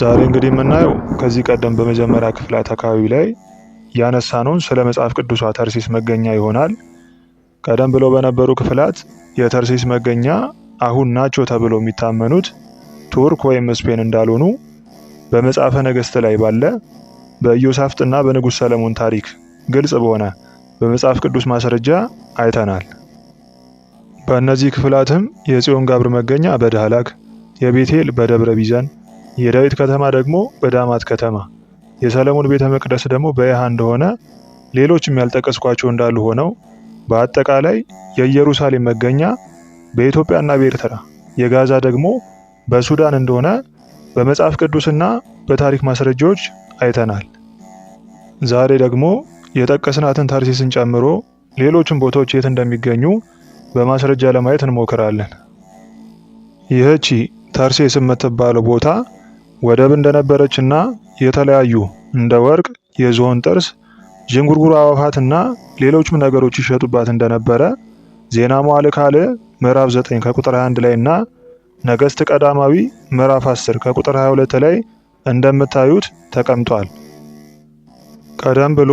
ዛሬ እንግዲህ የምናየው ከዚህ ቀደም በመጀመሪያ ክፍላት አካባቢ ላይ ያነሳነውን ስለ መጽሐፍ ቅዱሷ ተርሴስ መገኛ ይሆናል። ቀደም ብለው በነበሩ ክፍላት የተርሴስ መገኛ አሁን ናቸው ተብለው የሚታመኑት ቱርክ ወይም ስፔን እንዳልሆኑ በመጽሐፈ ነገሥት ላይ ባለ በኢዮሳፍጥና በንጉሥ ሰለሞን ታሪክ ግልጽ በሆነ በመጽሐፍ ቅዱስ ማስረጃ አይተናል። በእነዚህ ክፍላትም የጽዮን ጋብር መገኛ በዳህላክ፣ የቤቴል በደብረ ቢዘን የዳዊት ከተማ ደግሞ በዳማት ከተማ፣ የሰለሞን ቤተ መቅደስ ደግሞ በይሃ እንደሆነ ሌሎችም ያልጠቀስኳቸው እንዳሉ ሆነው በአጠቃላይ የኢየሩሳሌም መገኛ በኢትዮጵያና በኤርትራ የጋዛ ደግሞ በሱዳን እንደሆነ በመጽሐፍ ቅዱስና በታሪክ ማስረጃዎች አይተናል። ዛሬ ደግሞ የጠቀስናትን ታርሲስን ጨምሮ ሌሎችን ቦታዎች የት እንደሚገኙ በማስረጃ ለማየት እንሞክራለን። ይህቺ ታርሴስ የምትባለው ቦታ ወደብ እንደነበረችና የተለያዩ እንደ ወርቅ፣ የዝሆን ጥርስ፣ ዥንጉርጉር እና ሌሎችም ነገሮች ይሸጡባት እንደነበረ ዜና መዋዕል ካልዕ ምዕራፍ 9 ከቁጥር 21 ላይ እና ነገሥት ቀዳማዊ ምዕራፍ 10 ከቁጥር 22 ላይ እንደምታዩት ተቀምጧል። ቀደም ብሎ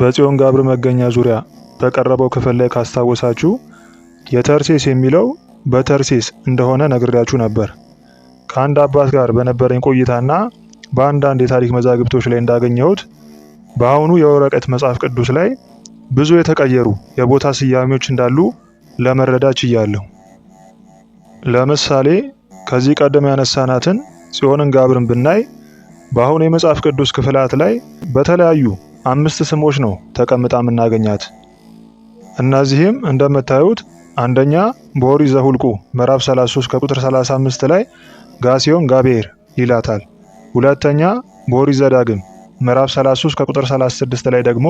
በጽዮን ጋብር መገኛ ዙሪያ በቀረበው ክፍል ላይ ካስታወሳችሁ የተርሴስ የሚለው በተርሴስ እንደሆነ ነግሬያችሁ ነበር። ከአንድ አባት ጋር በነበረኝ ቆይታና በአንዳንድ የታሪክ መዛግብቶች ላይ እንዳገኘሁት በአሁኑ የወረቀት መጽሐፍ ቅዱስ ላይ ብዙ የተቀየሩ የቦታ ስያሜዎች እንዳሉ ለመረዳት ችያለሁ። ለምሳሌ ከዚህ ቀደም ያነሳናትን ጽዮንን ጋብርን ብናይ በአሁኑ የመጽሐፍ ቅዱስ ክፍላት ላይ በተለያዩ አምስት ስሞች ነው ተቀምጣ የምናገኛት። እነዚህም እንደምታዩት አንደኛ በኦሪት ዘኍልቍ ምዕራፍ 33 ከቁጥር 35 ላይ ጋሲዮን ሲሆን ጋብሔር ይላታል። ሁለተኛ በኦሪት ዘዳግም ምዕራፍ 33 ከቁጥር 36 ላይ ደግሞ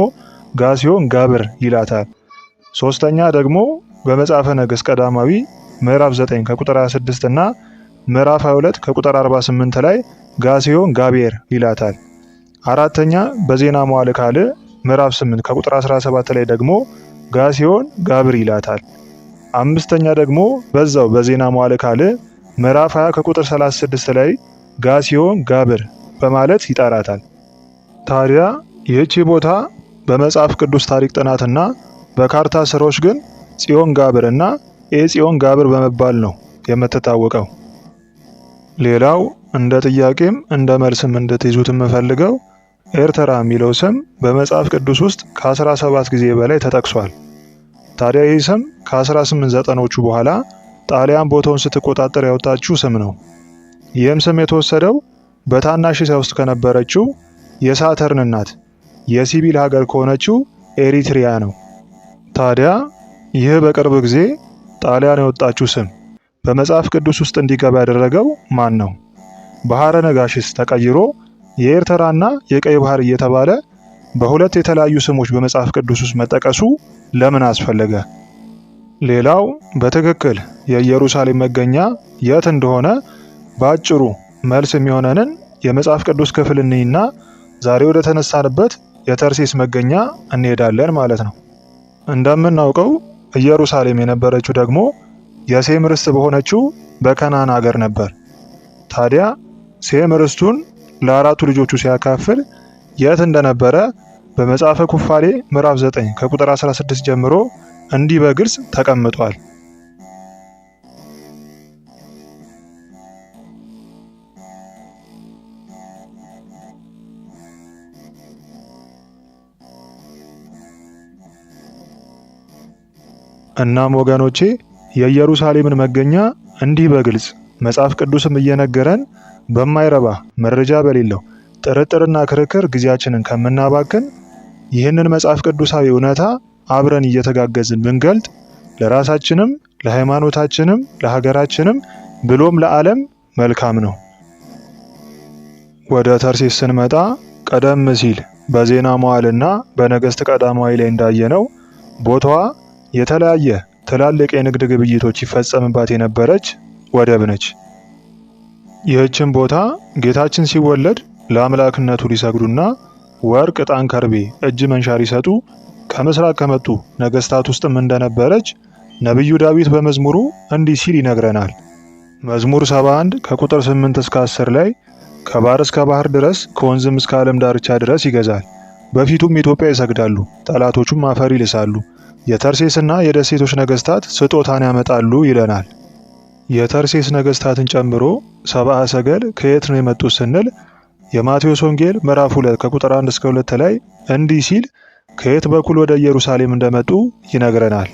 ጋሲዮን ጋብር ይላታል። ሶስተኛ ደግሞ በመጽሐፈ ነገሥት ቀዳማዊ ምዕራፍ 9 ከቁጥር 26 እና ምዕራፍ 22 ከቁጥር 48 ላይ ጋሲዮን ጋቤር ጋብሔር ይላታል። አራተኛ በዜና መዋዕል ካልዕ ምዕራፍ 8 ከቁጥር 17 ላይ ደግሞ ጋሲዮን ጋብር ይላታል። አምስተኛ ደግሞ በዛው በዜና መዋዕል ካልዕ ምዕራፍ 20 ከቁጥር 36 ላይ ጋ ሲሆን ጋብር በማለት ይጠራታል። ታዲያ ይህቺ ቦታ በመጽሐፍ ቅዱስ ታሪክ ጥናትና በካርታ ስራዎች ግን ጽዮን ጋብር እና ኤጽዮን ጋብር በመባል ነው የምትታወቀው። ሌላው እንደ ጥያቄም እንደ መልስም እንድትይዙት የምፈልገው ኤርትራ የሚለው ስም በመጽሐፍ ቅዱስ ውስጥ ከ17 ጊዜ በላይ ተጠቅሷል። ታዲያ ይህ ስም ከ 18 ዘጠኖቹ በኋላ ጣሊያን ቦታውን ስትቆጣጠር ያወጣችው ስም ነው። ይህም ስም የተወሰደው በታናሽ እስያ ውስጥ ከነበረችው የሳተርን እናት የሲቪል ሀገር ከሆነችው ኤሪትሪያ ነው። ታዲያ ይህ በቅርብ ጊዜ ጣሊያን የወጣችው ስም በመጽሐፍ ቅዱስ ውስጥ እንዲገባ ያደረገው ማን ነው? ባህረ ነጋሽስ ተቀይሮ የኤርትራና የቀይ ባህር እየተባለ በሁለት የተለያዩ ስሞች በመጽሐፍ ቅዱስ ውስጥ መጠቀሱ ለምን አስፈለገ? ሌላው በትክክል የኢየሩሳሌም መገኛ የት እንደሆነ በአጭሩ መልስ የሚሆነንን የመጽሐፍ ቅዱስ ክፍል እንይና ዛሬ ወደ ተነሳንበት የተርሴስ መገኛ እንሄዳለን ማለት ነው። እንደምናውቀው ኢየሩሳሌም የነበረችው ደግሞ የሴም ርስት በሆነችው በከናን አገር ነበር። ታዲያ ሴም ርስቱን ለአራቱ ልጆቹ ሲያካፍል የት እንደነበረ በመጽሐፈ ኩፋሌ ምዕራፍ 9 ከቁጥር 16 ጀምሮ እንዲህ በግልጽ ተቀምጧል። እናም ወገኖቼ የኢየሩሳሌምን መገኛ እንዲህ በግልጽ መጽሐፍ ቅዱስም እየነገረን በማይረባ መረጃ በሌለው ጥርጥርና ክርክር ጊዜያችንን ከምናባክን ይህንን መጽሐፍ ቅዱሳዊ እውነታ አብረን እየተጋገዝን ብንገልጥ ለራሳችንም ለሃይማኖታችንም ለሀገራችንም ብሎም ለዓለም መልካም ነው። ወደ ተርሴስ ስንመጣ ቀደም ሲል በዜና መዋዕልና በነገሥት ቀዳማዊ ላይ እንዳየነው ቦታዋ የተለያየ ትላልቅ የንግድ ግብይቶች ይፈጸምባት የነበረች ወደብ ነች። ይህችን ቦታ ጌታችን ሲወለድ ለአምላክነቱ ሊሰግዱና ወርቅ፣ ዕጣን፣ ከርቤ፣ እጅ መንሻሪ ይሰጡ ከምስራቅ ከመጡ ነገስታት ውስጥም እንደነበረች ነቢዩ ዳዊት በመዝሙሩ እንዲህ ሲል ይነግረናል። መዝሙር 71 ከቁጥር 8 እስከ 10 ላይ ከባህር እስከ ባህር ድረስ ከወንዝም እስከ ዓለም ዳርቻ ድረስ ይገዛል። በፊቱም ኢትዮጵያ ይሰግዳሉ፣ ጠላቶቹም አፈር ይልሳሉ። የተርሴስና የደሴቶች ነገስታት ስጦታን ያመጣሉ ይለናል። የተርሴስ ነገስታትን ጨምሮ ሰብአ ሰገል ከየት ነው የመጡት ስንል የማቴዎስ ወንጌል ምዕራፍ 2 ከቁጥር 1 እስከ 2 ላይ እንዲህ ሲል ከየት በኩል ወደ ኢየሩሳሌም እንደመጡ ይነግረናል።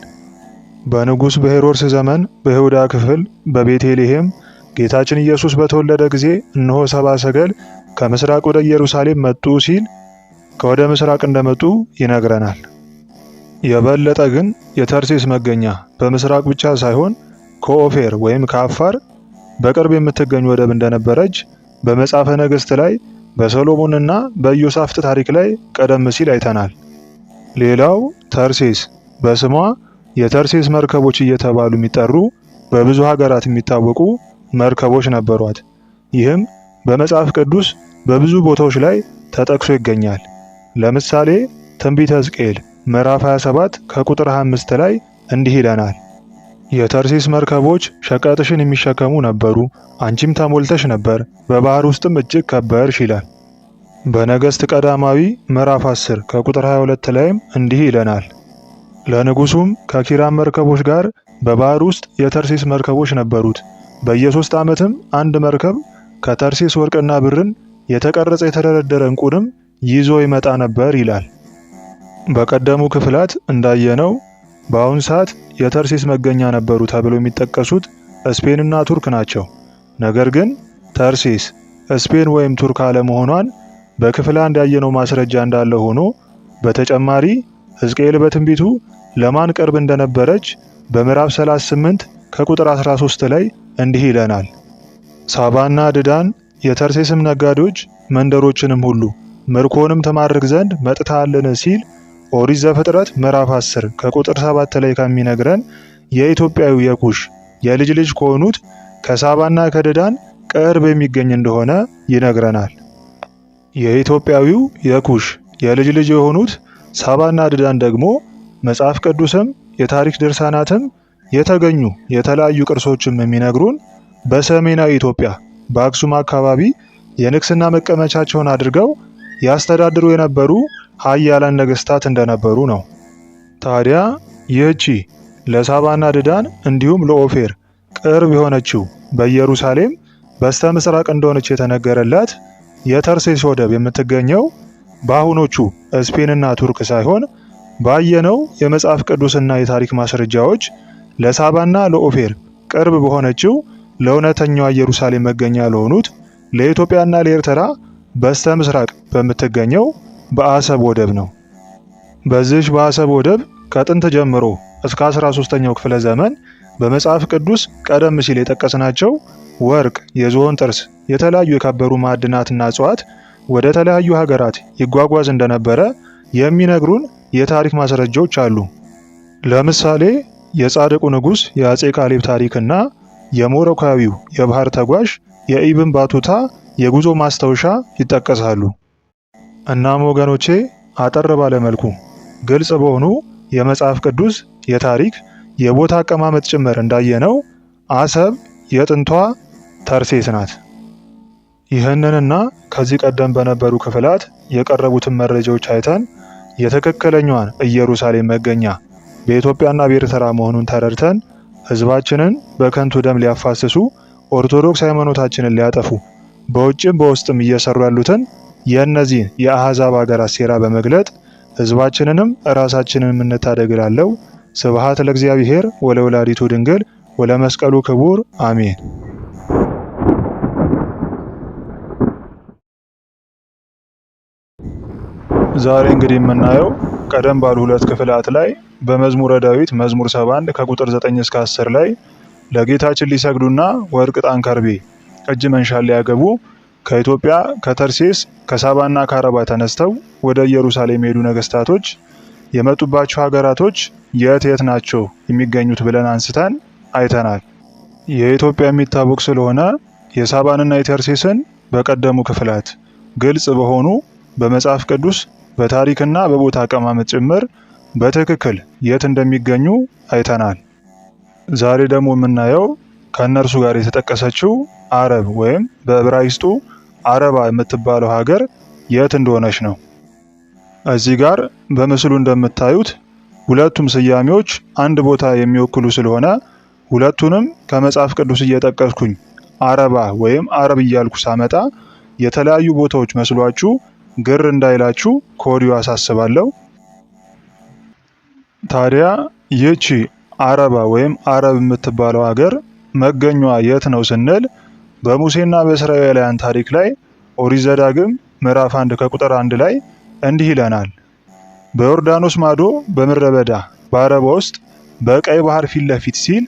በንጉሥ በሄሮድስ ዘመን በይሁዳ ክፍል በቤተልሔም ጌታችን ኢየሱስ በተወለደ ጊዜ እነሆ ሰባ ሰገል ከምስራቅ ወደ ኢየሩሳሌም መጡ ሲል ከወደ ምስራቅ እንደመጡ ይነግረናል። የበለጠ ግን የተርሴስ መገኛ በምስራቅ ብቻ ሳይሆን ከኦፌር ወይም ከአፋር በቅርብ የምትገኝ ወደብ እንደነበረች በመጽሐፈ ነገሥት ላይ በሰሎሞንና በኢዮሳፍት ታሪክ ላይ ቀደም ሲል አይተናል። ሌላው ተርሴስ በስሟ የተርሴስ መርከቦች እየተባሉ የሚጠሩ በብዙ ሀገራት የሚታወቁ መርከቦች ነበሯት። ይህም በመጽሐፍ ቅዱስ በብዙ ቦታዎች ላይ ተጠቅሶ ይገኛል። ለምሳሌ ትንቢተ ሕዝቅኤል ምዕራፍ 27 ከቁጥር 25 ላይ እንዲህ ይለናል የተርሴስ መርከቦች ሸቀጥሽን የሚሸከሙ ነበሩ፣ አንቺም ተሞልተሽ ነበር፣ በባህር ውስጥም እጅግ ከበርሽ ይላል። በነገሥት ቀዳማዊ ምዕራፍ 10 ከቁጥር 22 ላይም እንዲህ ይለናል። ለንጉሱም ከኪራም መርከቦች ጋር በባህር ውስጥ የተርሴስ መርከቦች ነበሩት። በየሶስት ዓመትም አንድ መርከብ ከተርሴስ ወርቅና ብርን የተቀረጸ የተደረደረ እንቁንም ይዞ ይመጣ ነበር ይላል። በቀደሙ ክፍላት እንዳየነው በአሁኑ ሰዓት የተርሴስ መገኛ ነበሩ ተብለው የሚጠቀሱት ስፔንና ቱርክ ናቸው። ነገር ግን ተርሴስ ስፔን ወይም ቱርክ አለመሆኗን በክፍል አንድ ያየነው ማስረጃ እንዳለ ሆኖ በተጨማሪ ሕዝቅኤል በትንቢቱ ለማን ቅርብ እንደነበረች በምዕራፍ 38 ከቁጥር 13 ላይ እንዲህ ይለናል። ሳባና ድዳን የተርሴስም ነጋዴዎች መንደሮችንም ሁሉ ምርኮንም ትማርክ ዘንድ መጥታለን ሲል ኦሪት ዘፍጥረት ምዕራፍ 10 ከቁጥር 7 ላይ ከሚነግረን የኢትዮጵያዊ የኩሽ የልጅ ልጅ ከሆኑት ከሳባና ከደዳን ቅርብ የሚገኝ እንደሆነ ይነግረናል። የኢትዮጵያዊው የኩሽ የልጅ ልጅ የሆኑት ሳባና ድዳን ደግሞ መጽሐፍ ቅዱስም የታሪክ ድርሳናትም የተገኙ የተለያዩ ቅርሶችም የሚነግሩን በሰሜናዊ ኢትዮጵያ በአክሱም አካባቢ የንግስና መቀመቻቸውን አድርገው ያስተዳድሩ የነበሩ ኃያላን ነገስታት እንደነበሩ ነው። ታዲያ ይህቺ ለሳባና ድዳን እንዲሁም ለኦፌር ቅርብ የሆነችው በኢየሩሳሌም በስተ ምስራቅ እንደሆነች የተነገረላት የተርሴስ ወደብ የምትገኘው በአሁኖቹ ስፔንና ቱርክ ሳይሆን ባየነው የመጽሐፍ ቅዱስና የታሪክ ማስረጃዎች ለሳባና ለኦፌር ቅርብ በሆነችው ለእውነተኛዋ ኢየሩሳሌም መገኛ ለሆኑት ለኢትዮጵያና ለኤርትራ በስተ ምስራቅ በምትገኘው በአሰብ ወደብ ነው። በዚህ በአሰብ ወደብ ከጥንት ጀምሮ እስከ 13ኛው ክፍለ ዘመን በመጽሐፍ ቅዱስ ቀደም ሲል የጠቀስናቸው ወርቅ፣ የዝሆን ጥርስ፣ የተለያዩ የከበሩ ማዕድናትና እጽዋት ወደ ተለያዩ ሀገራት ይጓጓዝ እንደነበረ የሚነግሩን የታሪክ ማስረጃዎች አሉ። ለምሳሌ የጻድቁ ንጉሥ የአጼ ካሌብ ታሪክና የሞሮካዊው የባህር ተጓዥ የኢብን ባቱታ የጉዞ ማስታወሻ ይጠቀሳሉ። እናም ወገኖቼ አጠር ባለ መልኩ ግልጽ በሆኑ የመጽሐፍ ቅዱስ የታሪክ የቦታ አቀማመጥ ጭምር እንዳየነው አሰብ የጥንቷ ተርሴስ ናት። ይህንንና ከዚህ ቀደም በነበሩ ክፍላት የቀረቡትን መረጃዎች አይተን የትክክለኛዋን ኢየሩሳሌም መገኛ በኢትዮጵያና በኤርትራ መሆኑን ተረድተን ሕዝባችንን በከንቱ ደም ሊያፋስሱ ኦርቶዶክስ ሃይማኖታችንን ሊያጠፉ በውጭም በውስጥም እየሰሩ ያሉትን የእነዚህን የአሕዛብ አገራት ሴራ በመግለጥ ህዝባችንንም ራሳችንን እንታደግ እላለሁ። ስብሐት ለእግዚአብሔር ወለወላዲቱ ድንግል ወለመስቀሉ ክቡር አሜን። ዛሬ እንግዲህ የምናየው ቀደም ባሉ ሁለት ክፍላት ላይ በመዝሙረ ዳዊት መዝሙር 71 ከቁጥር 9 እስከ 10 ላይ ለጌታችን ሊሰግዱና ወርቅ፣ ዕጣን፣ ከርቤ እጅ መንሻ ሊያገቡ ከኢትዮጵያ ከተርሴስ ከሳባና ከአረባ ተነስተው ወደ ኢየሩሳሌም የሄዱ ነገስታቶች የመጡባቸው ሀገራቶች የት የት ናቸው የሚገኙት ብለን አንስተን አይተናል። የኢትዮጵያ የሚታወቅ ስለሆነ የሳባንና የተርሴስን በቀደሙ ክፍላት ግልጽ በሆኑ በመጽሐፍ ቅዱስ በታሪክና በቦታ አቀማመጥ ጭምር በትክክል የት እንደሚገኙ አይተናል። ዛሬ ደግሞ የምናየው ከእነርሱ ጋር የተጠቀሰችው አረብ ወይም በዕብራይስጡ አረባ የምትባለው ሀገር የት እንደሆነች ነው። እዚህ ጋር በምስሉ እንደምታዩት ሁለቱም ስያሜዎች አንድ ቦታ የሚወክሉ ስለሆነ ሁለቱንም ከመጽሐፍ ቅዱስ እየጠቀስኩኝ አረባ ወይም አረብ እያልኩ ሳመጣ የተለያዩ ቦታዎች መስሏችሁ ግር እንዳይላችሁ ከወዲሁ አሳስባለሁ። ታዲያ ይቺ አረባ ወይም አረብ የምትባለው ሀገር መገኟ የት ነው ስንል በሙሴና በእስራኤላውያን ታሪክ ላይ ኦሪት ዘዳግም ምዕራፍ 1 ከቁጥር 1 ላይ እንዲህ ይለናል። በዮርዳኖስ ማዶ በምድረ በዳ በአረባ ውስጥ በቀይ ባህር ፊት ለፊት ሲል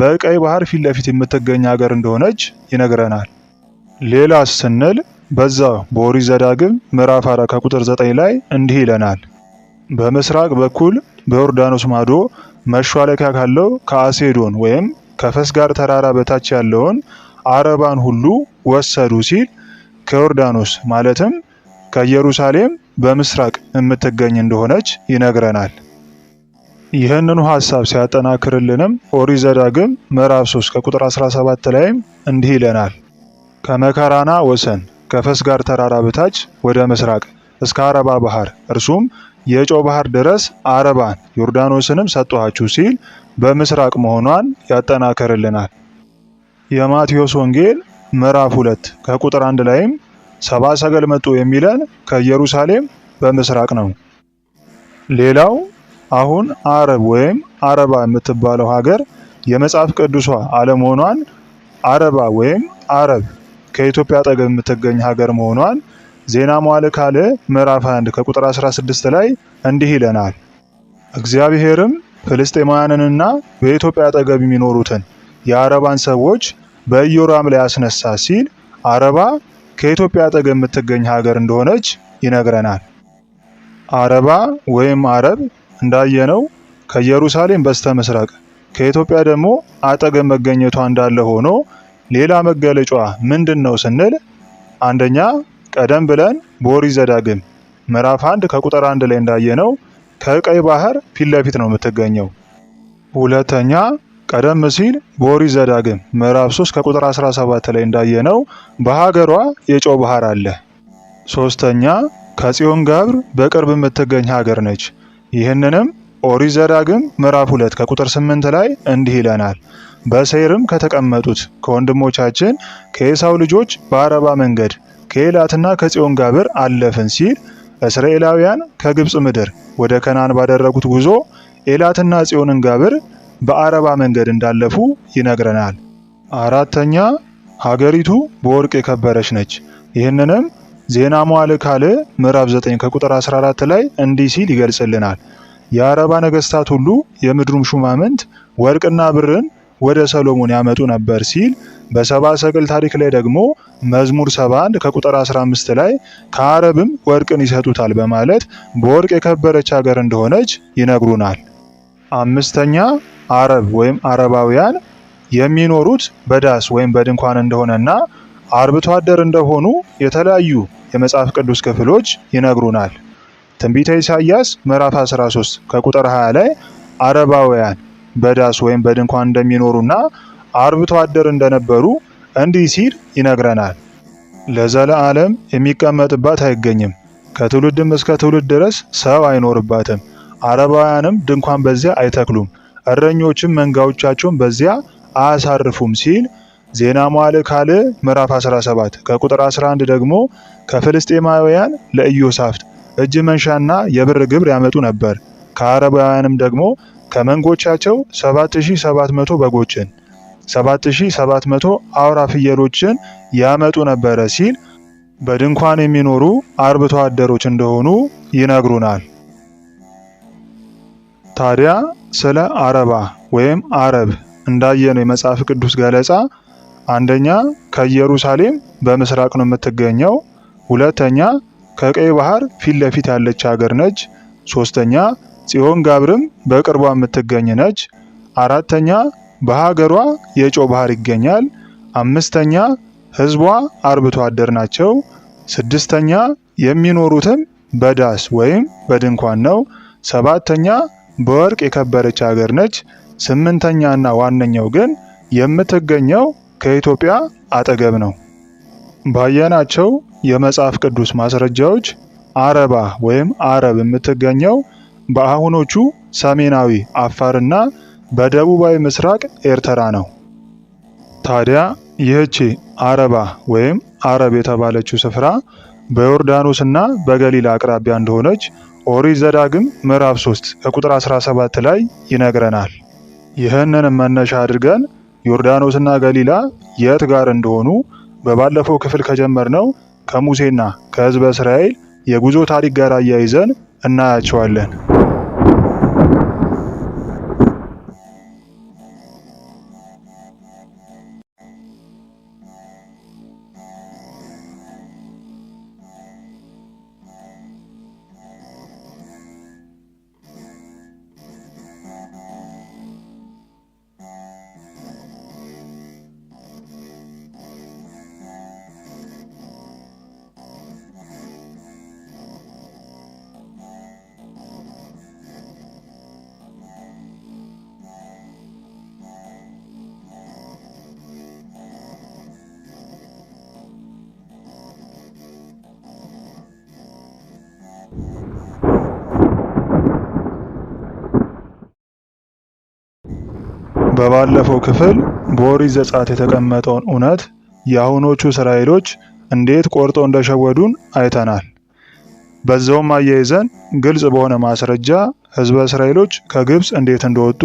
በቀይ ባህር ፊት ለፊት የምትገኝ ሀገር እንደሆነች ይነግረናል። ሌላ ስንል በዛ በኦሪት ዘዳግም ምዕራፍ 4 ከቁጥር 9 ላይ እንዲህ ይለናል። በምስራቅ በኩል በዮርዳኖስ ማዶ መሿለኪያ ካለው ከአሴዶን ወይም ከፈስ ጋር ተራራ በታች ያለውን አረባን ሁሉ ወሰዱ ሲል ከዮርዳኖስ ማለትም ከኢየሩሳሌም በምስራቅ የምትገኝ እንደሆነች ይነግረናል። ይህንኑ ሀሳብ ሲያጠናክርልንም ኦሪት ዘዳግም ምዕራፍ 3 ከቁጥር 17 ላይም እንዲህ ይለናል። ከመከራና ወሰን ከፈስጋር ተራራ በታች ወደ ምስራቅ እስከ አረባ ባህር እርሱም የጨው ባህር ድረስ አረባን ዮርዳኖስንም ሰጠኋችሁ ሲል በምስራቅ መሆኗን ያጠናክርልናል። የማቴዎስ ወንጌል ምዕራፍ ሁለት ከቁጥር አንድ ላይም ሰባ ሰገል መጡ የሚለን ከኢየሩሳሌም በምስራቅ ነው። ሌላው አሁን አረብ ወይም አረባ የምትባለው ሀገር የመጽሐፍ ቅዱሷ አለመሆኗን አረባ ወይም አረብ ከኢትዮጵያ አጠገብ የምትገኝ ሀገር መሆኗን ዜና መዋዕል ካልዕ ምዕራፍ 1 ከቁጥር 16 ላይ እንዲህ ይለናል። እግዚአብሔርም ፍልስጤማውያንንና በኢትዮጵያ አጠገብ የሚኖሩትን የአረባን ሰዎች በኢዮራም ላይ አስነሳ ሲል አረባ ከኢትዮጵያ አጠገብ የምትገኝ ሀገር እንደሆነች ይነግረናል። አረባ ወይም አረብ እንዳየነው ከኢየሩሳሌም በስተ ምስራቅ ከኢትዮጵያ ደግሞ አጠገብ መገኘቷ እንዳለ ሆኖ ሌላ መገለጫዋ ምንድን ነው ስንል አንደኛ ቀደም ብለን በኦሪት ዘዳግም ምዕራፍ አንድ ከቁጥር አንድ ላይ እንዳየነው ከቀይ ባህር ፊት ለፊት ነው የምትገኘው። ሁለተኛ ቀደም ሲል በኦሪት ዘዳግም ምዕራፍ 3 ከቁጥር 17 ላይ እንዳየነው በሀገሯ የጨው ባህር አለ። ሶስተኛ ከጽዮን ጋብር በቅርብ የምትገኝ ሀገር ነች። ይህንንም ኦሪት ዘዳግም ምዕራፍ 2 ከቁጥር 8 ላይ እንዲህ ይለናል። በሰይርም ከተቀመጡት ከወንድሞቻችን ከኤሳው ልጆች በአረባ መንገድ ከኤላትና ከጽዮን ጋብር አለፍን ሲል እስራኤላውያን ከግብፅ ምድር ወደ ከናን ባደረጉት ጉዞ ኤላትና ጽዮንን ጋብር በአረባ መንገድ እንዳለፉ ይነግረናል። አራተኛ ሀገሪቱ በወርቅ የከበረች ነች። ይህንንም ዜና መዋዕል ካልዕ ምዕራፍ 9 ከቁጥር 14 ላይ እንዲህ ሲል ይገልጽልናል። የአረባ ነገስታት ሁሉ የምድሩም ሹማምንት ወርቅና ብርን ወደ ሰሎሞን ያመጡ ነበር ሲል በሰባ ሰቅል ታሪክ ላይ ደግሞ መዝሙር 71 ከቁጥር 15 ላይ ከአረብም ወርቅን ይሰጡታል በማለት በወርቅ የከበረች ሀገር እንደሆነች ይነግሩናል። አምስተኛ አረብ ወይም አረባውያን የሚኖሩት በዳስ ወይም በድንኳን እንደሆነና አርብቶ አደር እንደሆኑ የተለያዩ የመጽሐፍ ቅዱስ ክፍሎች ይነግሩናል። ትንቢተ ኢሳይያስ ምዕራፍ 13 ከቁጥር 20 ላይ አረባውያን በዳስ ወይም በድንኳን እንደሚኖሩና አርብቶ አደር እንደነበሩ እንዲህ ሲል ይነግረናል። ለዘለዓለም የሚቀመጥባት አይገኝም፣ ከትውልድም እስከ ትውልድ ድረስ ሰው አይኖርባትም። አረባውያንም ድንኳን በዚያ አይተክሉም፣ እረኞችም መንጋዎቻቸውን በዚያ አያሳርፉም ሲል ዜና መዋዕል ካልዕ ምዕራፍ 17 ከቁጥር 11 ደግሞ ከፍልስጤማውያን ለኢዮሳፍት እጅ መንሻና የብር ግብር ያመጡ ነበር። ከአረባውያንም ደግሞ ከመንጎቻቸው 7700 በጎችን 7700 አውራ ፍየሎችን ያመጡ ነበረ ሲል በድንኳን የሚኖሩ አርብቶ አደሮች እንደሆኑ ይነግሩናል። ታዲያ ስለ አረባ ወይም አረብ እንዳየነው የመጽሐፍ ቅዱስ ገለጻ አንደኛ ከኢየሩሳሌም በምስራቅ ነው የምትገኘው። ሁለተኛ ከቀይ ባህር ፊት ለፊት ያለች ሀገር ነች። ሶስተኛ ጽዮን ጋብርም በቅርቧ የምትገኝ ነች። አራተኛ በሀገሯ የጨው ባህር ይገኛል። አምስተኛ ህዝቧ አርብቶ አደር ናቸው። ስድስተኛ የሚኖሩትም በዳስ ወይም በድንኳን ነው። ሰባተኛ በወርቅ የከበረች ሀገር ነች። ስምንተኛና ዋነኛው ግን የምትገኘው ከኢትዮጵያ አጠገብ ነው። ባየናቸው የመጽሐፍ ቅዱስ ማስረጃዎች አረባ ወይም አረብ የምትገኘው በአሁኖቹ ሰሜናዊ አፋርና በደቡባዊ ምስራቅ ኤርትራ ነው። ታዲያ ይህቺ አረባ ወይም አረብ የተባለችው ስፍራ በዮርዳኖስና በገሊላ አቅራቢያ እንደሆነች ኦሪት ዘዳግም ምዕራፍ 3 ከቁጥር 17 ላይ ይነግረናል። ይህንን መነሻ አድርገን ዮርዳኖስና ገሊላ የት ጋር እንደሆኑ በባለፈው ክፍል ከጀመርነው ከሙሴና ከሕዝበ እስራኤል የጉዞ ታሪክ ጋር አያይዘን እናያቸዋለን። በባለፈው ክፍል በኦሪት ዘጸአት የተቀመጠውን እውነት የአሁኖቹ እስራኤሎች እንዴት ቆርጦ እንደሸወዱን አይተናል። በዛውም አያይዘን ግልጽ በሆነ ማስረጃ ህዝበ እስራኤሎች ከግብፅ እንዴት እንደወጡ፣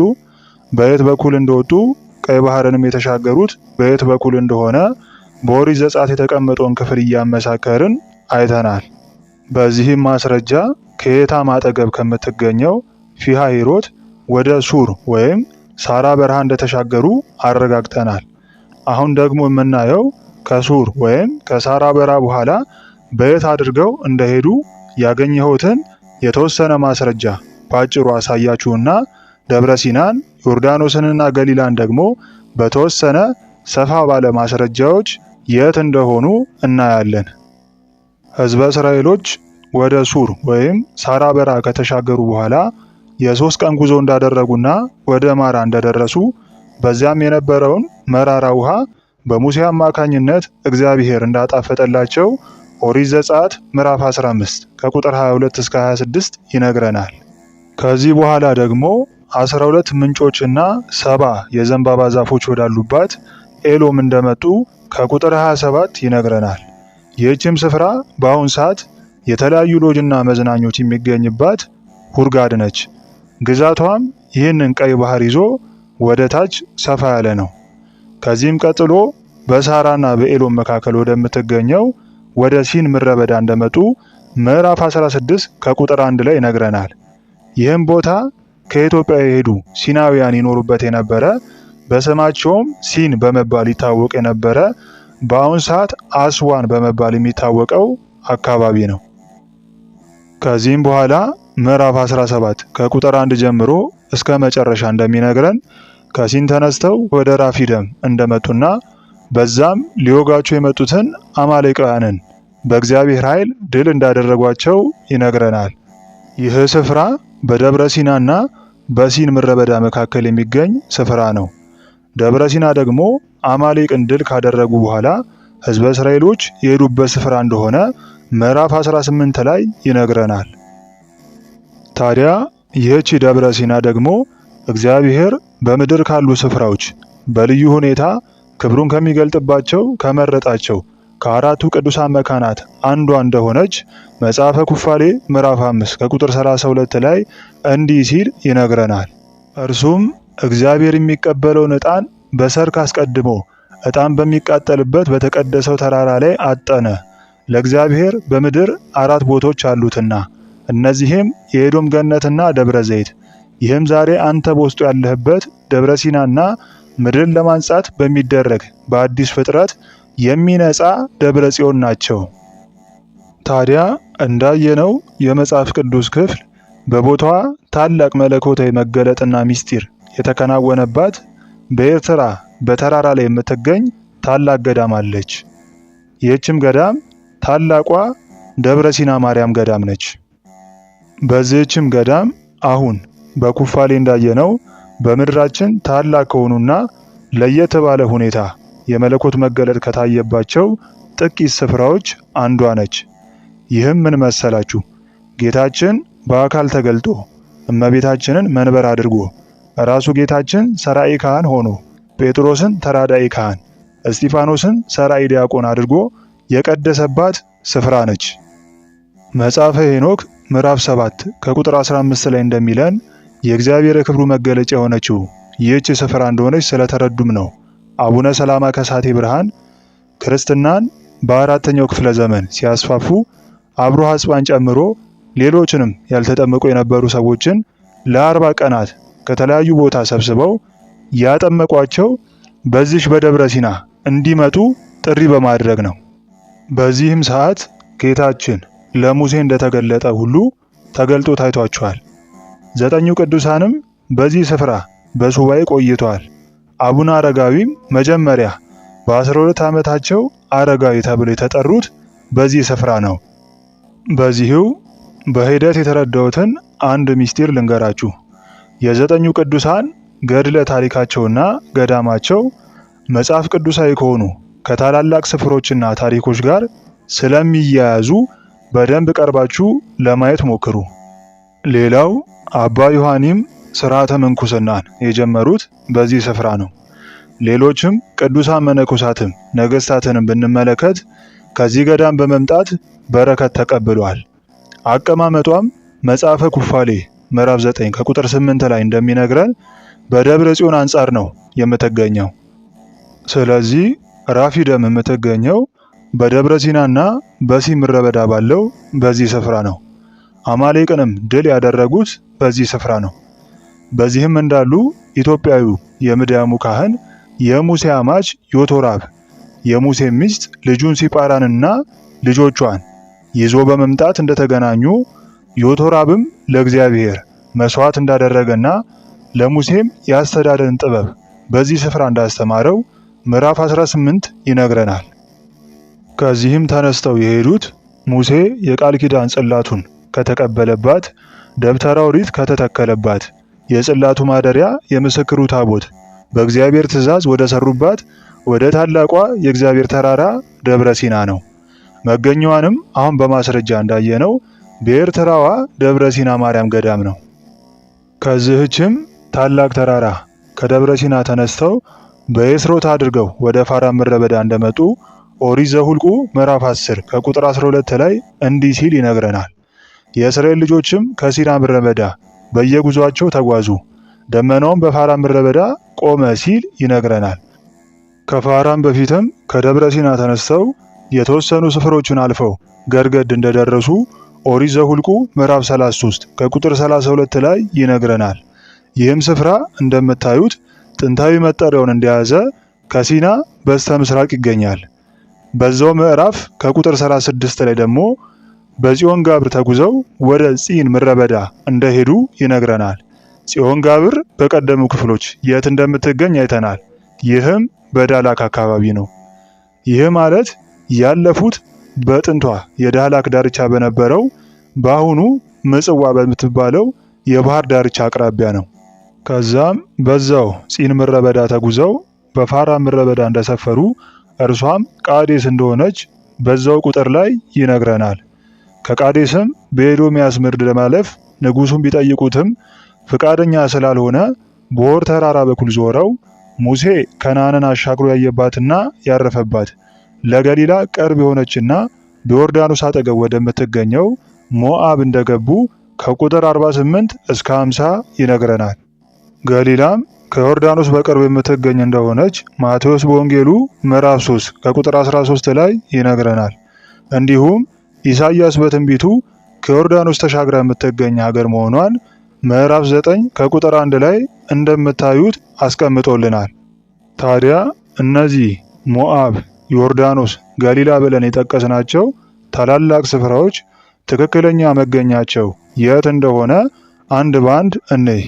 በየት በኩል እንደወጡ፣ ቀይ ባህርንም የተሻገሩት በየት በኩል እንደሆነ በኦሪት ዘጸአት የተቀመጠውን ክፍል እያመሳከርን አይተናል። በዚህም ማስረጃ ከየታም አጠገብ ከምትገኘው ፊሃ ሂሮት ወደ ሱር ወይም ሳራ በረሃ እንደተሻገሩ አረጋግጠናል። አሁን ደግሞ የምናየው ከሱር ወይም ከሳራ በረሃ በኋላ በየት አድርገው እንደሄዱ ያገኘሁትን የተወሰነ ማስረጃ በአጭሩ አሳያችሁና ደብረ ሲናን ዮርዳኖስንና ገሊላን ደግሞ በተወሰነ ሰፋ ባለ ማስረጃዎች የት እንደሆኑ እናያለን። ሕዝበ እስራኤሎች ወደ ሱር ወይም ሳራ በረሃ ከተሻገሩ በኋላ የሶስት ቀን ጉዞ እንዳደረጉና ወደ ማራ እንደደረሱ በዚያም የነበረውን መራራ ውሃ በሙሴ አማካኝነት እግዚአብሔር እንዳጣፈጠላቸው ኦሪት ዘጸአት ምዕራፍ 15 ከቁጥር 22 እስከ 26 ይነግረናል። ከዚህ በኋላ ደግሞ 12 ምንጮችና ሰባ የዘንባባ ዛፎች ወዳሉባት ኤሎም እንደመጡ ከቁጥር 27 ይነግረናል። ይህችም ስፍራ በአሁን ሰዓት የተለያዩ ሎጅና መዝናኞች የሚገኝባት ሁርጋድ ነች። ግዛቷም ይህንን ቀይ ባህር ይዞ ወደ ታች ሰፋ ያለ ነው። ከዚህም ቀጥሎ በሳራና በኤሎም መካከል ወደምትገኘው ወደ ሲን ምድረ በዳ እንደመጡ ምዕራፍ 16 ከቁጥር አንድ ላይ ይነግረናል። ይህም ቦታ ከኢትዮጵያ የሄዱ ሲናውያን ይኖሩበት የነበረ በስማቸውም ሲን በመባል ይታወቅ የነበረ በአሁን ሰዓት አስዋን በመባል የሚታወቀው አካባቢ ነው። ከዚህም በኋላ ምዕራፍ 17 ከቁጥር አንድ ጀምሮ እስከ መጨረሻ እንደሚነግረን ከሲን ተነስተው ወደ ራፊደም እንደመጡና በዛም ሊወጋቸው የመጡትን አማሌቃውያንን በእግዚአብሔር ኃይል ድል እንዳደረጓቸው ይነግረናል። ይህ ስፍራ በደብረ ሲናና በሲን ምረበዳ መካከል የሚገኝ ስፍራ ነው። ደብረ ሲና ደግሞ አማሌቅን ድል ካደረጉ በኋላ ህዝበ እስራኤሎች የሄዱበት ስፍራ እንደሆነ ምዕራፍ 18 ላይ ይነግረናል። ታዲያ ይህች ደብረ ሲና ደግሞ እግዚአብሔር በምድር ካሉ ስፍራዎች በልዩ ሁኔታ ክብሩን ከሚገልጥባቸው ከመረጣቸው ከአራቱ ቅዱሳን መካናት አንዷ እንደሆነች መጽሐፈ ኩፋሌ ምዕራፍ 5 ከቁጥር 32 ላይ እንዲህ ሲል ይነግረናል። እርሱም እግዚአብሔር የሚቀበለውን ዕጣን በሰርክ አስቀድሞ ዕጣን በሚቃጠልበት በተቀደሰው ተራራ ላይ አጠነ። ለእግዚአብሔር በምድር አራት ቦቶች አሉትና እነዚህም የኤዶም ገነትና ደብረ ዘይት። ይህም ዛሬ አንተ በውስጡ ያለህበት ደብረ ሲናና ምድርን ለማንጻት በሚደረግ በአዲስ ፍጥረት የሚነጻ ደብረ ጽዮን ናቸው። ታዲያ እንዳየነው የመጽሐፍ ቅዱስ ክፍል በቦታዋ ታላቅ መለኮታዊ መገለጥና ምስጢር የተከናወነባት በኤርትራ በተራራ ላይ የምትገኝ ታላቅ ገዳም አለች። ይህችም ገዳም ታላቋ ደብረ ሲና ማርያም ገዳም ነች። በዚህችም ገዳም አሁን በኩፋሌ እንዳየነው በምድራችን ታላቅ ከሆኑና ለየት ባለ ሁኔታ የመለኮት መገለጥ ከታየባቸው ጥቂት ስፍራዎች አንዷ ነች። ይህም ምን መሰላችሁ? ጌታችን በአካል ተገልጦ እመቤታችንን መንበር አድርጎ ራሱ ጌታችን ሰራይ ካህን ሆኖ ጴጥሮስን ተራዳኢ ካህን እስጢፋኖስን ሰራይ ዲያቆን አድርጎ የቀደሰባት ስፍራ ነች። መጽሐፈ ሄኖክ ምዕራፍ 7 ከቁጥር 15 ላይ እንደሚለን የእግዚአብሔር ክብሩ መገለጫ የሆነችው ይህች ስፍራ እንደሆነች ስለተረዱም ነው። አቡነ ሰላማ ከሳቴ ብርሃን ክርስትናን በአራተኛው ክፍለ ዘመን ሲያስፋፉ አብሮ አጽባን ጨምሮ ሌሎችንም ያልተጠመቁ የነበሩ ሰዎችን ለአርባ ቀናት ከተለያዩ ቦታ ሰብስበው ያጠመቋቸው በዚህ በደብረ ሲና እንዲመጡ ጥሪ በማድረግ ነው። በዚህም ሰዓት ጌታችን ለሙሴ እንደተገለጠ ሁሉ ተገልጦ ታይቷቸዋል። ዘጠኙ ቅዱሳንም በዚህ ስፍራ በሱባኤ ቆይተዋል። አቡነ አረጋዊም መጀመሪያ በ12 ዓመታቸው አረጋዊ ተብሎ የተጠሩት በዚህ ስፍራ ነው። በዚሁ በሂደት የተረዳሁትን አንድ ምስጢር ልንገራችሁ። የዘጠኙ ቅዱሳን ገድለ ታሪካቸውና ገዳማቸው መጽሐፍ ቅዱሳዊ ከሆኑ ከታላላቅ ስፍሮችና ታሪኮች ጋር ስለሚያያዙ በደንብ ቀርባችሁ ለማየት ሞክሩ። ሌላው አባ ዮሐኒም ስርዓተ ምንኩስናን የጀመሩት በዚህ ስፍራ ነው። ሌሎችም ቅዱሳን መነኮሳትም ነገስታትንም ብንመለከት ከዚህ ገዳም በመምጣት በረከት ተቀብለዋል። አቀማመጧም መጽሐፈ ኩፋሌ ምዕራፍ 9 ከቁጥር 8 ላይ እንደሚነግረን በደብረ ጽዮን አንጻር ነው የምትገኘው። ስለዚህ ራፊደም የምትገኘው በደብረ ሲናና በሲን ምድረ በዳ ባለው በዚህ ስፍራ ነው። አማሌቅንም ድል ያደረጉት በዚህ ስፍራ ነው። በዚህም እንዳሉ ኢትዮጵያዊ የምድያሙ ካህን የሙሴ አማች ዮቶራብ የሙሴ ሚስት ልጁን ሲጳራንና ልጆቿን ይዞ በመምጣት እንደተገናኙ ዮቶራብም ለእግዚአብሔር መስዋዕት እንዳደረገና ለሙሴም የአስተዳደርን ጥበብ በዚህ ስፍራ እንዳስተማረው ምዕራፍ 18 ይነግረናል። ከዚህም ተነስተው የሄዱት ሙሴ የቃል ኪዳን ጽላቱን ከተቀበለባት፣ ደብተራ ኦሪት ከተተከለባት፣ የጽላቱ ማደሪያ የምስክሩ ታቦት በእግዚአብሔር ትእዛዝ ወደ ሰሩባት ወደ ታላቋ የእግዚአብሔር ተራራ ደብረ ሲና ነው። መገኘዋንም አሁን በማስረጃ እንዳየነው በኤርትራዋ ደብረ ሲና ማርያም ገዳም ነው። ከዚህችም ታላቅ ተራራ ከደብረ ሲና ተነስተው በኤስሮት አድርገው ወደ ፋራ ምድረ በዳ እንደመጡ ኦሪት ዘኍልቍ ምዕራፍ 10 ከቁጥር 12 ላይ እንዲህ ሲል ይነግረናል። የእስራኤል ልጆችም ከሲና ምድረ በዳ በየጉዟቸው ተጓዙ፣ ደመናውም በፋራ ምድረ በዳ ቆመ ሲል ይነግረናል። ከፋራም በፊትም ከደብረ ሲና ተነስተው የተወሰኑ ስፍሮችን አልፈው ገርገድ እንደደረሱ ኦሪት ዘኍልቍ ምዕራፍ 33 ከቁጥር 32 ላይ ይነግረናል። ይህም ስፍራ እንደምታዩት ጥንታዊ መጠሪያውን እንደያዘ ከሲና በስተ ምስራቅ ይገኛል። በዛው ምዕራፍ ከቁጥር 36 ላይ ደግሞ በጽዮን ጋብር ተጉዘው ወደ ጺን ምረበዳ እንደሄዱ ይነግረናል። ጽዮን ጋብር በቀደሙ ክፍሎች የት እንደምትገኝ አይተናል። ይህም በዳላክ አካባቢ ነው። ይህ ማለት ያለፉት በጥንቷ የዳላክ ዳርቻ በነበረው በአሁኑ ምጽዋ በምትባለው የባህር ዳርቻ አቅራቢያ ነው። ከዛም በዛው ጺን ምረበዳ ተጉዘው በፋራ ምረበዳ እንደሰፈሩ እርሷም ቃዴስ እንደሆነች በዛው ቁጥር ላይ ይነግረናል። ከቃዴስም በኤዶምያስ ምድር ለማለፍ ንጉሱን ቢጠይቁትም ፍቃደኛ ስላልሆነ በሆር ተራራ በኩል ዞረው ሙሴ ከነዓንን አሻግሮ ያየባትና ያረፈባት ለገሊላ ቅርብ የሆነችና በዮርዳኖስ አጠገብ ወደምትገኘው ሞአብ እንደገቡ ከቁጥር 48 እስከ 50 ይነግረናል። ገሊላም ከዮርዳኖስ በቅርብ የምትገኝ እንደሆነች ማቴዎስ በወንጌሉ ምዕራፍ 3 ከቁጥር 13 ላይ ይነግረናል። እንዲሁም ኢሳይያስ በትንቢቱ ከዮርዳኖስ ተሻግራ የምትገኝ ሀገር መሆኗን ምዕራፍ 9 ከቁጥር 1 ላይ እንደምታዩት አስቀምጦልናል። ታዲያ እነዚህ ሞአብ፣ ዮርዳኖስ፣ ገሊላ ብለን የጠቀስናቸው ታላላቅ ስፍራዎች ትክክለኛ መገኛቸው የት እንደሆነ አንድ ባንድ እንይ።